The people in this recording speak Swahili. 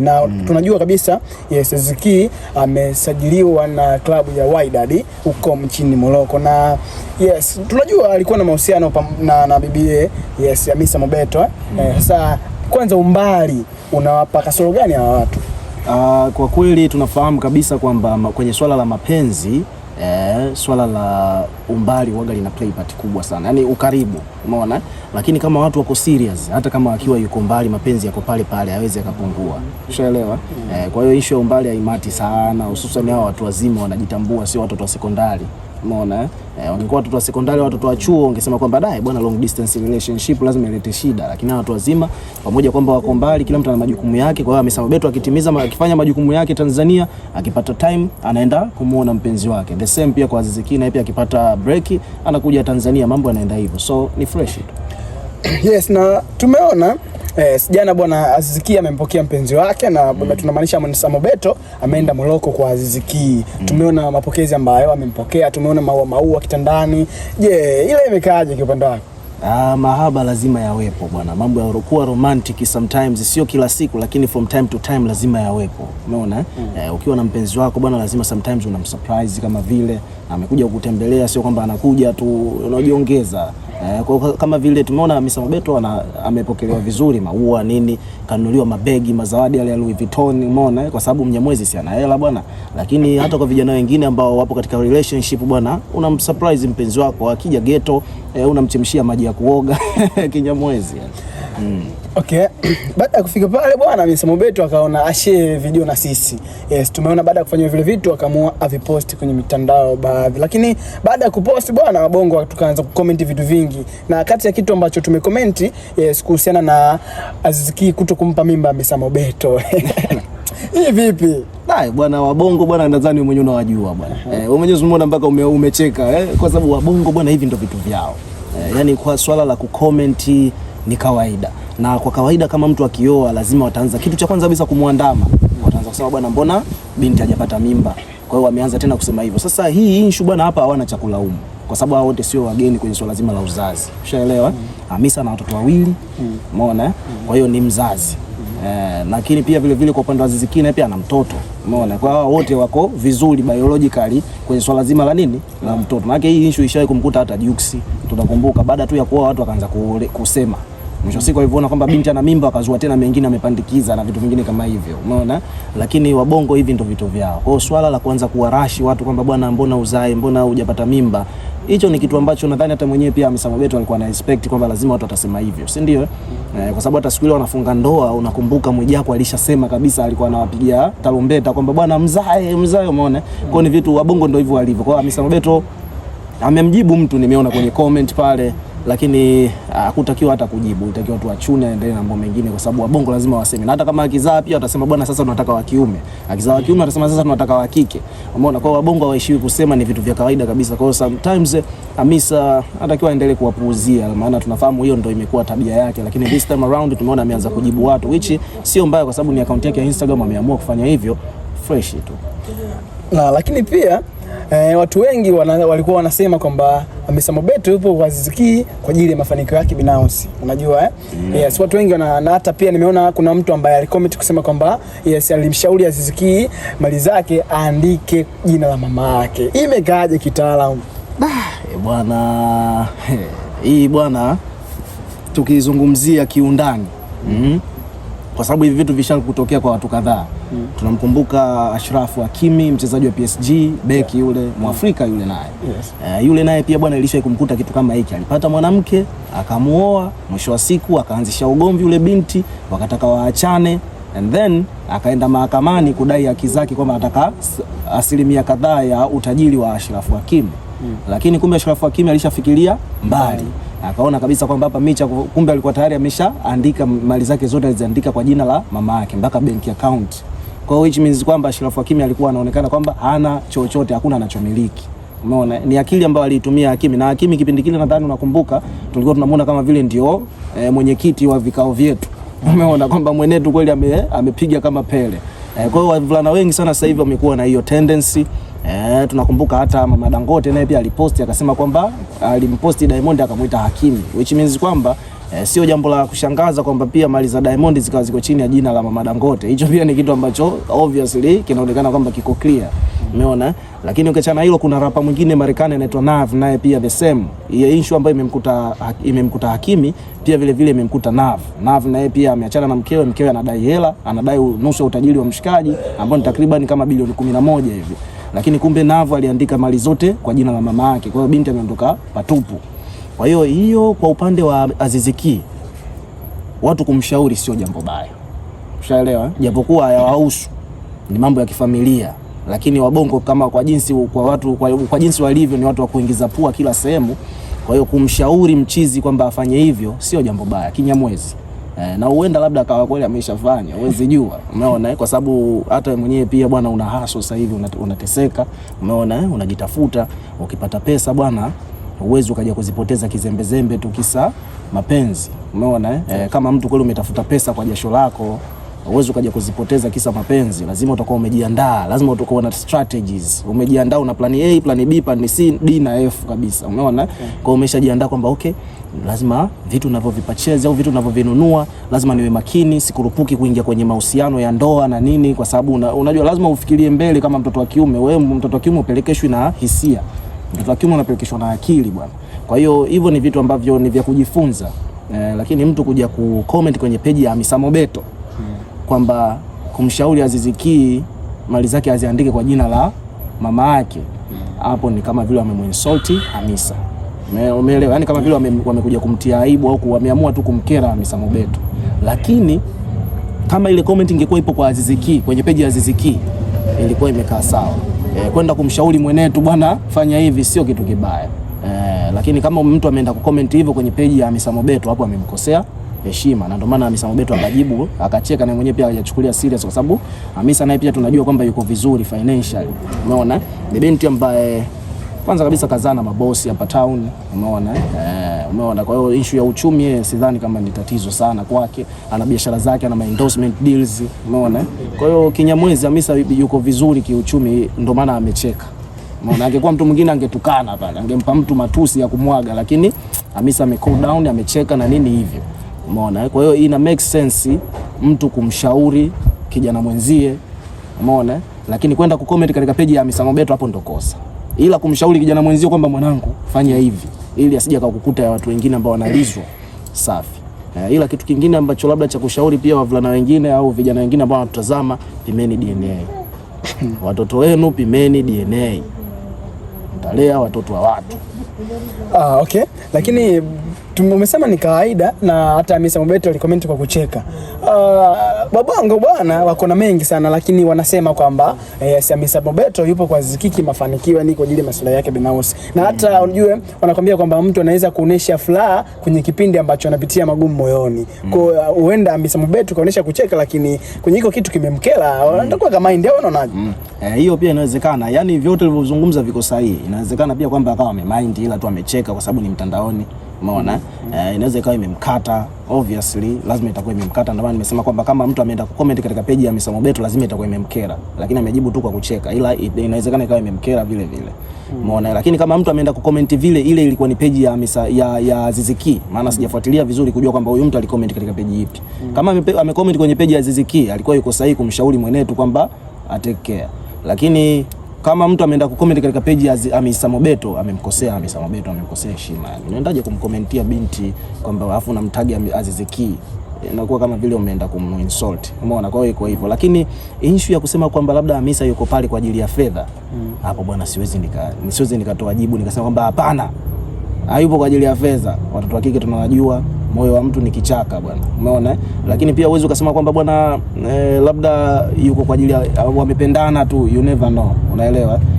na mm. tunajua kabisa yes, Ziki amesajiliwa na klabu ya Wydad huko mchini Morocco, na yes, tunajua alikuwa na mahusiano na, na bibie yes, Hamisa Mobeto sasa eh. mm. Eh, kwanza umbali unawapa kasoro gani hawa watu? Uh, kwa kweli tunafahamu kabisa kwamba kwenye swala la mapenzi eh, swala la umbali waga lina play part kubwa sana, yaani ukaribu, umeona. Lakini kama watu wako serious, hata kama akiwa yuko mbali, mapenzi yako pale pale, hawezi akapungua, ushaelewa mm. eh. Kwa hiyo issue ya umbali haimati sana, hususan hao watu wazima wanajitambua, sio watoto wa sekondari umeona eh, wangekuwa watoto wa sekondari, watoto wa chuo wangesema kwamba dai bwana, long distance relationship lazima ilete shida, lakini watu wazima pamoja kwamba wako mbali, kila mtu ana majukumu yake. Kwa hiyo amesababetu akitimiza akifanya majukumu yake Tanzania, akipata time anaenda kumuona mpenzi wake, the same pia kwa Azizi Ki, na pia akipata break anakuja Tanzania, mambo yanaenda hivyo, so ni fresh tu. Yes, na tumeona Eh, jana bwana Aziziki amempokea mpenzi wake na mm. tunamaanisha Monisa Mobeto ameenda Moroko kwa Aziziki mm. tumeona mapokezi ambayo amempokea, tumeona maua maua kitandani. Je, yeah, ile imekaaje kwa upande wako? Ah, mahaba lazima yawepo bwana, mambo ya kuwa romantic sometimes, sio kila siku, lakini from time to time lazima yawepo, umeona mm. Eh, ukiwa na mpenzi wako bwana, lazima sometimes unamsurprise kama vile amekuja kukutembelea, sio kwamba anakuja tu, unajiongeza Eh, kwa kama vile tumeona Mr. Mobeto amepokelewa vizuri, maua nini, kanunuliwa mabegi, mazawadi ya Louis Vuitton, umeona, eh, kwa sababu Mnyamwezi si ana hela bwana. Lakini hata kwa vijana wengine ambao wapo katika relationship bwana, unamsurprise mpenzi wako akija ghetto, eh, unamchemshia maji ya kuoga Kinyamwezi. Eh. Mm. Okay. Baada ya kufika pale bwana Msemo Betu akaona ashare video na sisi. Yes, tumeona baada ya kufanya vile vitu akaamua aviposti kwenye mitandao baadhi. Lakini baada ya kuposti bwana Bongo tukaanza kucomment vitu vingi. Na kati ya kitu ambacho tumecomment yes, kuhusiana na Aziz Ki kuto kumpa mimba Msemo Betu. Hii vipi? Hai, bwana wabongo bwana, nadhani mwenyewe unawajua bwana. Eh, mwenyewe umeona mpaka ume, umecheka eh, kwa sababu wabongo bwana hivi ndo vitu vyao. Eh, yani kwa swala la kucomment ni kawaida, na kwa kawaida kama mtu akioa lazima wataanza kitu cha kwanza kabisa kumwandama, wataanza kusema bwana, mbona binti hajapata mimba? Kwa hiyo wameanza tena kusema hivyo. Sasa hii issue bwana, hapa hawana cha kulaumu kwa sababu hao wote sio wageni kwenye swala zima la uzazi, ushaelewa? mm. Hamisa ah, na watoto wawili, mm. umeona mm. mm. kwa hiyo ni mzazi Eh, lakini pia vile vile kwa upande wa Zizikina pia ana mtoto. Umeona? Kwa hao wote wako vizuri biologically kwenye swala zima la nini? La mtoto. Maana hii issue ishawahi kumkuta hata Jux. Tunakumbuka baada tu ya kuoa watu wakaanza kusema Mwisho siku alivyoona kwamba binti ana mimba wakazua tena mengine amepandikiza na vitu vingine kama hivyo. Umeona? Lakini wabongo hivi ndio vitu vyao. Kwa swala la kuanza kuwarashi watu kwamba bwana, mbona uzae, mbona hujapata mimba? Hicho ni kitu ambacho nadhani hata mwenyewe pia Hamisa Mobeto alikuwa na expect kwamba lazima watu watasema hivyo, si ndio? Eh, kwa sababu hata siku ile wanafunga ndoa, unakumbuka Mwijaku alishasema kabisa, alikuwa anawapigia tarumbeta kwamba bwana, mzae mzae, umeona? Kwa ni vitu wabongo ndio hivyo walivyo. Kwa hiyo Hamisa Mobeto amemjibu mtu, nimeona kwenye comment pale lakini ah, hakutakiwa hata kujibu, itakiwa tu achune aendelee na mambo mengine, kwa sababu wabongo lazima waseme, na hata kama akizaa pia watasema bwana, sasa tunataka wa kiume. Akizaa wa kiume atasema sasa tunataka wa kike. Umeona, kwa wabongo waishiwi kusema, ni vitu vya kawaida kabisa. Kwa hiyo sometimes Hamisa ah, ah, anatakiwa aendelee kuwapuuzia, maana tunafahamu hiyo ndio imekuwa tabia yake, lakini this time around tumeona ameanza kujibu watu, which sio mbaya, kwa sababu ni akaunti yake ya Instagram, ameamua kufanya hivyo fresh tu na lakini pia eh, watu wengi wana, walikuwa wanasema kwamba Hamisa Mobeto yupo kwa Aziz Ki kwa ajili ya mafanikio yake binafsi, unajua eh? Mm. Yes, watu wengi wana, na hata pia nimeona kuna mtu ambaye alikomenti kusema kwamba yes, alimshauri Aziz Ki mali zake aandike jina la mama yake. Imekaaje kitaalamu? bwana hii bwana tukizungumzia kiundani mm -hmm kwa sababu hivi vitu visha kutokea kwa watu kadhaa mm. tunamkumbuka Ashrafu Hakimi mchezaji wa PSG beki yule Mwafrika yule naye yes. Uh, yule naye pia bwana, ilisha kumkuta kitu kama hiki, alipata mwanamke akamuoa, mwisho wa siku akaanzisha ugomvi ule binti, wakataka waachane and then akaenda mahakamani kudai haki zake kwamba anataka asilimia kadhaa ya utajiri wa Ashrafu Hakimi mm. lakini kumbe Ashrafu Hakimi alishafikiria mbali mm akaona kabisa kwamba hapa Micha, kumbe alikuwa tayari ameshaandika mali zake zote, aliziandika kwa jina la mama yake mpaka bank account. Kwa hiyo which means kwamba Ashrafu Hakimi alikuwa anaonekana kwamba hana chochote, hakuna anachomiliki. Umeona, ni akili ambayo aliitumia Hakimi na Hakimi kipindi kile, nadhani unakumbuka, tulikuwa tunamuona kama vile ndio e, mwenyekiti wa vikao vyetu. Umeona kwamba mwenetu kweli ame, amepiga kama Pele. E, Kwa hiyo wavulana wengi sana sasa hivi wamekuwa na hiyo tendency Eh, tunakumbuka hata mama Dangote naye pia aliposti akasema kwamba alimposti Diamond akamwita Hakimi, which means kwamba eh, sio jambo la kushangaza kwamba pia mali za Diamond zikawa ziko chini ya jina la mama Dangote. Hicho pia ni kitu ambacho obviously kinaonekana kwamba kiko clear, umeona. Lakini ukiachana hilo, kuna rapa mwingine Marekani anaitwa Nav, naye pia the same ile issue ambayo imemkuta imemkuta Hakimi pia vile vile imemkuta Nav. Nav naye pia ameachana na mkewe, mkewe anadai hela, anadai nusu ya utajiri wa mshikaji ambao ni takriban kama bilioni 11 hivi lakini kumbe Navo aliandika mali zote kwa jina la mama yake, kwa hiyo binti ameondoka patupu. Kwa hiyo hiyo, kwa upande wa Aziziki, watu kumshauri sio jambo baya, ushaelewa, japokuwa hayawahusu ni mambo ya kifamilia, lakini wabongo kama kwa jinsi kwa watu kwa, kwa jinsi walivyo ni watu wa kuingiza pua kila sehemu. Kwa hiyo kumshauri mchizi kwamba afanye hivyo sio jambo baya, kinyamwezi eh, na huenda labda akawa kweli ameshafanya, huwezi jua, umeona, eh, kwa sababu hata mwenyewe pia bwana, una haso sasa hivi unateseka, umeona, eh, unajitafuta. Ukipata pesa bwana, huwezi ukaja kuzipoteza kizembezembe tu kisa mapenzi, umeona eh, kama mtu kweli umetafuta pesa kwa jasho lako Huwezi ukaja kuzipoteza kisa mapenzi, lazima utakuwa umejiandaa, lazima utakuwa na strategies, umejiandaa, una plan A, plan B, plan C, D na F kabisa, umeona okay. Kwa umeshajiandaa kwamba okay, lazima vitu ninavyovipachezi au vitu ninavyovinunua lazima niwe makini, sikurupuki kuingia kwenye mahusiano ya ndoa na nini, kwa sababu una, unajua lazima ufikirie mbele. Kama mtoto wa kiume wewe, mtoto wa kiume upelekeshwi na hisia, mtoto wa kiume unapelekeshwa na akili bwana. Kwa hiyo hivyo ni vitu ambavyo ni vya kujifunza eh, lakini mtu kuja kucomment kwenye peji ya Hamisa Mobeto kwamba kumshauri Azizikii mali zake aziandike kwa jina la mama yake, hapo ni kama vile wamemwinsulti Hamisa. Umeelewa? Yani kama vile wamekuja wame kumtia aibu au wameamua tu kumkera Hamisa Mobeto. Lakini kama ile comment ingekuwa ipo kwa Aziziki kwenye peji ya Aziziki ilikuwa imekaa sawa. E, kwenda kumshauri mwenetu bwana, fanya hivi sio kitu kibaya. E, lakini kama mtu ameenda kucomment hivyo kwenye peji ya Hamisa Mobeto, hapo amemkosea heshima, na ndio maana Hamisa Mobeto akajibu akacheka, na mwenyewe pia hajachukulia serious, kwa sababu Hamisa ah, naye pia tunajua kwamba yuko vizuri financial, Umeona, ni binti ambaye kwanza kabisa kazaa na mabosi hapa town, umeona eh, umeona. Kwa hiyo issue ya uchumi yeye sidhani kama ni tatizo sana kwake, ana biashara zake, ana endorsement deals, umeona. Kwa hiyo Kinyamwezi Hamisa ah, yuko vizuri kiuchumi, ndio maana amecheka. Umeona, angekuwa mtu mwingine angetukana pale, angempa mtu matusi ya kumwaga, lakini Hamisa ah, ame cool down, amecheka na nini hivyo. Umeona, eh, kwa hiyo ina make sense mtu kumshauri kijana mwenzie, umeona, lakini kwenda ku comment katika page ya Hamisa Mobeto hapo ndo kosa, ila kumshauri kijana mwenzie kwamba mwanangu, fanya hivi ili asije akakukuta ya watu wengine ambao wanalizwa safi. Uh, ila kitu kingine ambacho labda cha kushauri pia wavulana wengine au vijana wengine ambao wanatutazama, pimeni DNA watoto wenu, pimeni DNA, mtalea watoto wa watu. Ah, okay, lakini umesema ni kawaida, na hata Hamisa Mobeto alikomenti kwa kucheka. Uh, Babango bwana wako na mengi sana, lakini wanasema kwamba eh, Hamisa Mobeto yupo kwa zikiki mafanikio ni kwa ajili ya masuala yake binafsi, na hata mm. unjue wanakwambia kwamba mtu anaweza kuonesha furaha kwenye kipindi ambacho anapitia magumu moyoni. mm. Kwa hiyo uh, huenda Hamisa Mobeto kaonesha kucheka, lakini kwenye hiko kitu kimemkera, mm. Uh, kama ndio mm. eh, Hiyo pia inawezekana, yani vyote ulivyozungumza viko sahihi. Inawezekana pia kwamba akawa amemind, ila tu amecheka kwa sababu ni mtandaoni umeona mm -hmm. eh, inaweza ikawa imemkata obviously, lazima itakuwa imemkata. Ndio maana nimesema kwamba kama mtu ameenda ku comment katika page ya Misamo Mobeto lazima itakuwa imemkera, lakini amejibu tu kwa kucheka, ila inawezekana ikawa imemkera vile vile, hmm. umeona mm -hmm. lakini kama mtu ameenda ku comment vile, ile ilikuwa ni page ya Misa ya, ya Ziziki, maana hmm. sijafuatilia vizuri kujua kwamba huyu mtu alicomment katika page ipi mm -hmm. kama amecomment kwenye page ya Ziziki alikuwa yuko sahihi kumshauri mwenetu kwamba atekea, lakini kama mtu ameenda kucomment katika page ya Hamisa Mobeto amemkosea Hamisa Mobeto amemkosea heshima. Unaendaje kumkomentia binti kwamba alafu unamtagi Azizi Ki? Inakuwa kama vile umeenda kumuinsult. Umeona, kwa hiyo iko hivyo. Lakini issue ya kusema kwamba labda Hamisa yuko pale kwa ajili ya fedha. Mm. Hapo bwana, siwezi nika siwezi nikatoa jibu nikasema kwamba hapana hayupo kwa ajili ya fedha. Watoto wa kike tunawajua, moyo wa mtu ni kichaka bwana, umeona. Eh? Lakini pia huwezi ukasema kwamba bwana eh, labda yuko kwa ajili ya wamependana tu, you never know, unaelewa. Eh?